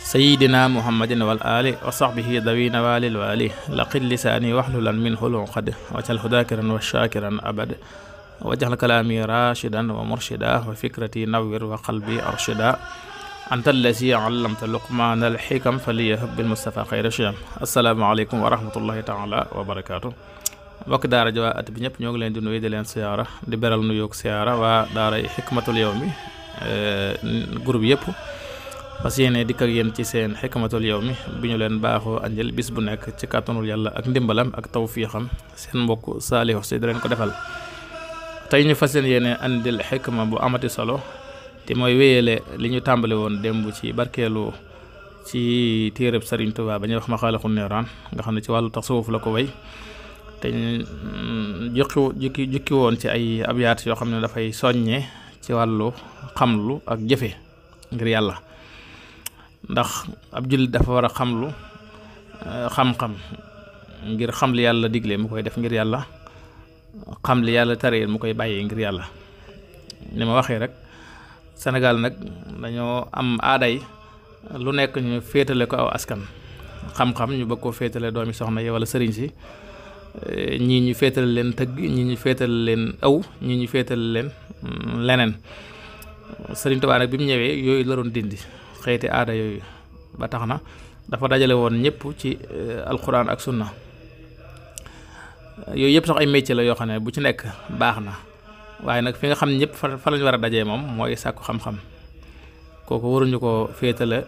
sayidina muhammadin wal ali wa sahbihi dawi nawalil wali laqit lisaani waxlulan min xulun qad wajal hudakiran wa shakiran abad wajal kalaami rashidan wa murshida wa fikrati nawwir wa qalbi arshida anta allasi allamta luqmaana alxikam faliyahab bil mustafa xayra shiyam assalaamu aleykum wa rahmatullahi taala wa barakaatu mbokk daara ji waa at bi ñëpp ñoo ngi leen di nuyu di leen siyaara di beral nuyoog siyaara waa daara xikmatul yawmi eh, groupe yëpp fas yéene dikk ak yéen ci seen xikmatul mi bu ñu leen baaxoo àndil bis bu nekk ci kàttanul yàlla ak ndimbalam ak taw tawfiixam seen mbokk Saliou Sy di leen ko defal tey ñu fas yéene àndil xikma bu amati solo te mooy wéyale li ñu tàmbali woon démb ci barkeelu ci téereb Sëriñ Tuubaa ba ñuy wax Maxaaliqu Niraan nga xam ne ci wàllu tasawuf la ko way te mm, jukki jukki jukki woon ci ay abyaat yoo xam ne dafay soññee ci wàllu xamlu ak jëfe ngir yàlla ndax ab jullit dafa war a xamlu eh, xam-xam ngir xam li yàlla digle mu koy def ngir yàlla xam li yàlla tareel mu koy bàyyee ngir yàlla ni ma waxee rek Sénégal nag dañoo am aaday lu nekk ñu féetale ko aw askan xam-xam ñu bëgg koo féetale doomi soxna yi wala sëriñ si eh, ñii ñu féetale leen tëgg ñii ñu féetale leen aw ñii ñu féetale leen mm, leneen sëriñ Tuubaa bi mu ñëwee yooyu la doon dindi xeeti aada yooyu ba tax na dafa dajale woon ñëpp ci euh, alxuraan ak sunna yooyu yëpp sax ay métier la yoo xam ne bu ci nekk baax na waaye nag fi nga xam ñëpp fa fa lañ war dajee moom mooy sàkku xam-xam kooku waruñu ko féetale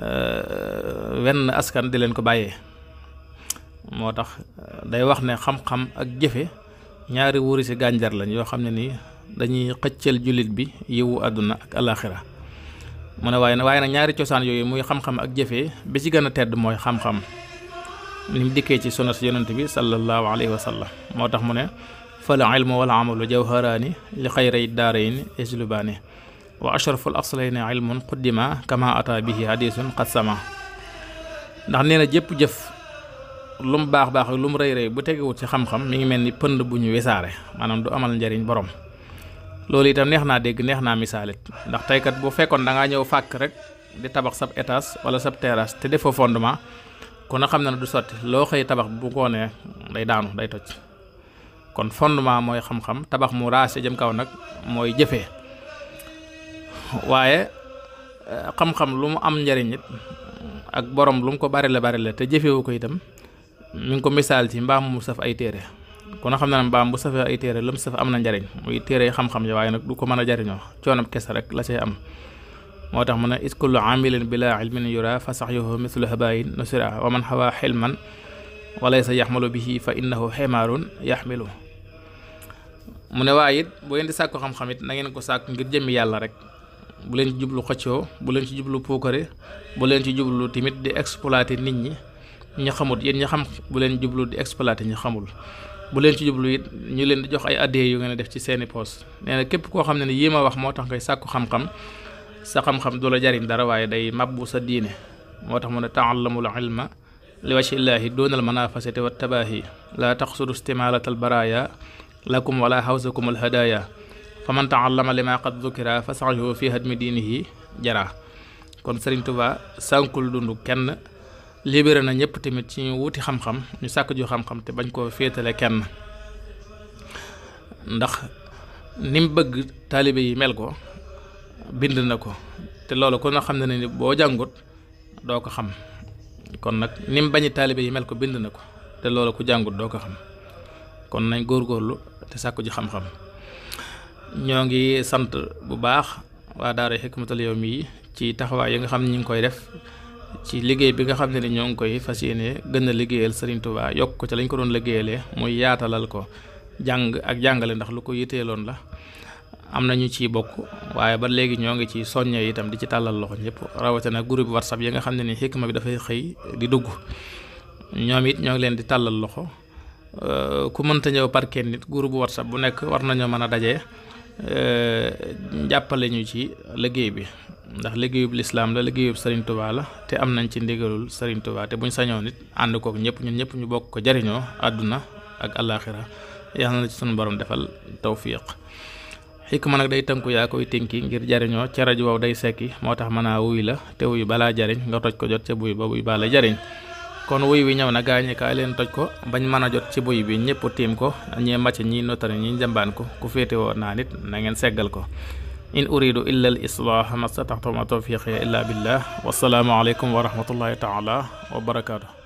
euh, wenn askan di leen ko bàyyee moo tax euh, day wax ne xam-xam ak jëfe ñaari wuri si gànjar lañ yoo xam ne nii dañuy xëccal jullit bi yiwu àdduna ak alaxira mu ne waaye nag waaye nag ñaari cosaan yooyu muy xam-xam ak jëfee bi ci gën a tedd mooy xam-xam ni mu dikkee ci sunna si yonent bi sallallahu alayhi wa sallam moo tax mu ne fal ilmu wal amalu jawharaani li xayray daarayn islubaani wa ashraful aslayni ilmun quddima kama ata bihi hadisun qad ndax nee jëpp jëf lu baax baax ak lu mu rëy rëy bu tegewut ci xam-xam mi ngi mel ni pënd bu ñu wesaare maanaam du amal njariñ borom loolu itam neex naa dégg neex naa misaalit ndax teykat bu fekkoon da ñëw fàkk rek di tabax sab étage wala sab terrasse te defoo fondement kon a xam na ne du sotti loo xëy tabax bu ngoonee day daanu day toj kon fondement mooy xam-xam tabax mu raase jëm kaw nag mooy jëfee waaye eh, xam-xam lu mu am njariñ it ak borom lu mu ko bari la bari la te jëfewu ko itam mu ngi ko misaal ci mbaam mu saf ay téere kon xam na ne bu safee ay lam saf am na njariñ muy téere xam-xam yi waaye nag du ko mën a jariñoo coonam kese rek la see am moo tax mu ne is kullu amilin bila ilmin yura fa sax yoo saxyuhu mislu habayin nusira xel man xawa xilman walaysa bi bihi fa innahu ximaarun yaxmilu mu ne waaye it bu ngeen di xam-xam it na ngeen ko sàkk ngir jëmmi yàlla rek bu leen ci jublu xëccoo bu leen ci jublu puukare bu leen ci jublu timit di exploiter nit ñi ñu xamut yéen ñi xam bu leen jublu di exploiter ñu xamul bu leen ci jublu it ñu leen di jox ay addee yu ngeen def ci seeni poos nee képp koo xam ne ni yii ma wax moo tax ngay sàkku xam-xam sa xam-xam du la jariñ dara waaye day mabbu sa diine moo tax mu ne taallamul ilma li wajhi illaahi doonal manafasati wa tabaahi laa tax taqsudu istimalatal baraaya lakum wala hawsakum al hadaaya fa man taallama lima qad dukira fa saxyoo fi hadmi diinihi jara kon to Tuubaa sànkul dundu kenn libéré na ñëpp tamit ci ñu wuti xam-xam ñu sàkk ju xam-xam te bañ koo féetale kenn ndax ni mu bëgg taalibe yi mel ko bind na ko te loolu kon na xam ne ni boo jàngut doo ko xam kon nag ni mu bañi taalibe yi mel ko bind na ko te loolu ku jàngut doo ko xam kon nañ góorgóorlu te sàkku ji xam-xam ñoo ngi sant bu baax waa daara Hikmatul Yawmi yi ci taxawaay yi nga xam ne ñu ngi koy def ci liggéey bi nga xam ne ni ñoo ngi koy fas yéene gën a liggéeyal Serigne Touba yokk ko ci lañ ko doon liggéeyalee muy yaatalal ko jàng ak jàngale ndax lu ko yiteeloon la am na ñu ciy bokk waaye ba léegi ñoo ngi ci soññe itam di ci tàllal loxo ñëpp rawatina groupe WhatsApp yi nga xam ne ni xikma bi dafay xëy di dugg ñoom it ñoo ngi leen di tàllal loxo euh, ku mënta ñëw par kenn nit groupe WhatsApp bu nekk war nañoo mën a daje euh, jàppale ñu ci liggéey bi ndax liggéeyub lislaam la liggéeyub Serigne Touba la te am nañ ci ndigalul Serigne Touba te buñ sañoo nit ànd kook ñëpp ñun ñëpp ñu bokk ko jariñoo àdduna ak àllaaxira yàlla na la ci sunu borom defal tawfiq nag day tënku yaa koy tinki ngir jariñoo ca rajo wow day sekki moo tax mën a wuy la te wuy balaa jariñ nga toj ko jot ca buy ba buy bala jariñ kon wuy wi ñëw na gaañe kaa leen toj ko bañ mën a jot ci buy bi ñëpp tiim ko ñee màcc ñi notari ñi njambaan ko ku féete woon naa nit nangeen seggal ko in uridu illa al islaaha ma stataxtu ma tawfiqi illa billah wasalaamu aleykum wa rahmatullahi taala wa barakaatu